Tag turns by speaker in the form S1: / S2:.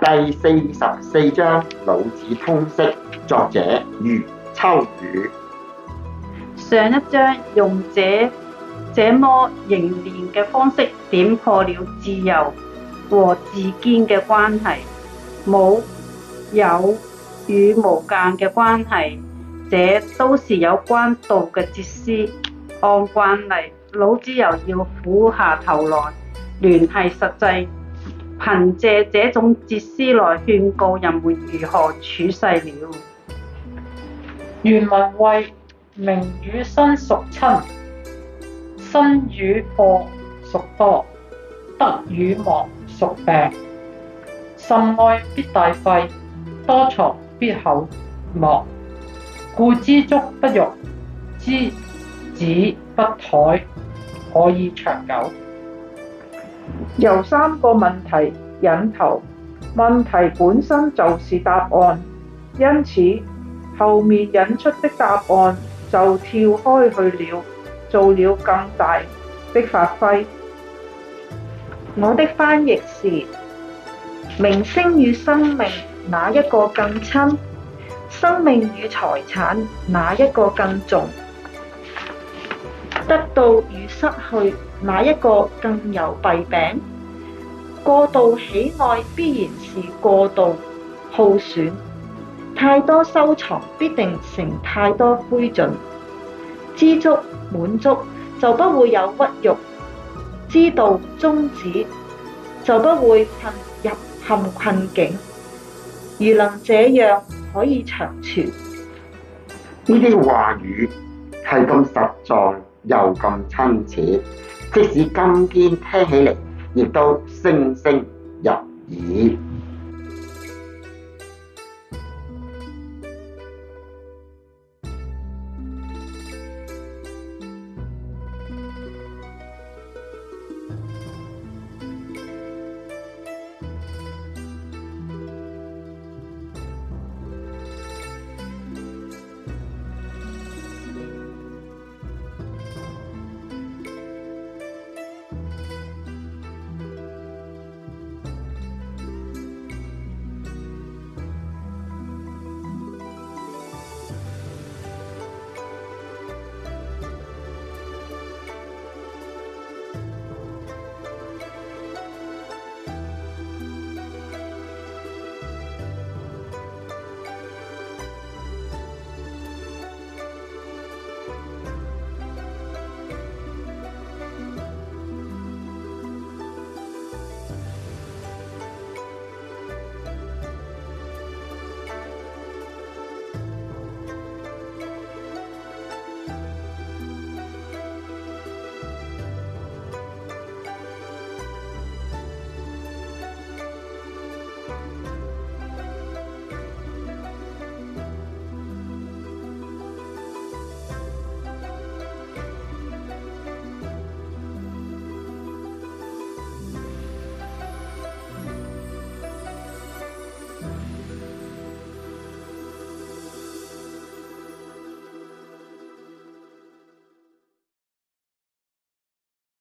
S1: 第四十四章《老子通釋》，作者余秋雨。
S2: 上一章用這這麼凝練嘅方式點破了自由和自堅嘅關係，冇有與無間嘅關係，這都是有關道嘅哲思。按慣例，老子又要俯下頭來聯繫實際。憑借這種哲思來勸告人們如何處世了。
S3: 原文為：名與身孰親？身與貨孰多？得與亡孰病？甚愛必大費，多藏必厚亡。」故知足不辱，知止不殆，可以長久。由三個問題引頭，問題本身就是答案，因此後面
S4: 引出的答案就跳開去了，做了更大的發揮。我的翻譯是：明星與生命，哪一個更親？生命與財產，哪一個更重？得到與失去，哪一個更有弊病？過度喜愛必然是過度耗損，太多收藏必定成太多灰燼。知足滿足就不會有屈辱，知道終止就不會陷入陷困境，如能這樣可以長存。
S1: 呢啲話語係咁實在。又咁親切，即使今天聽起嚟，亦都聲聲入耳。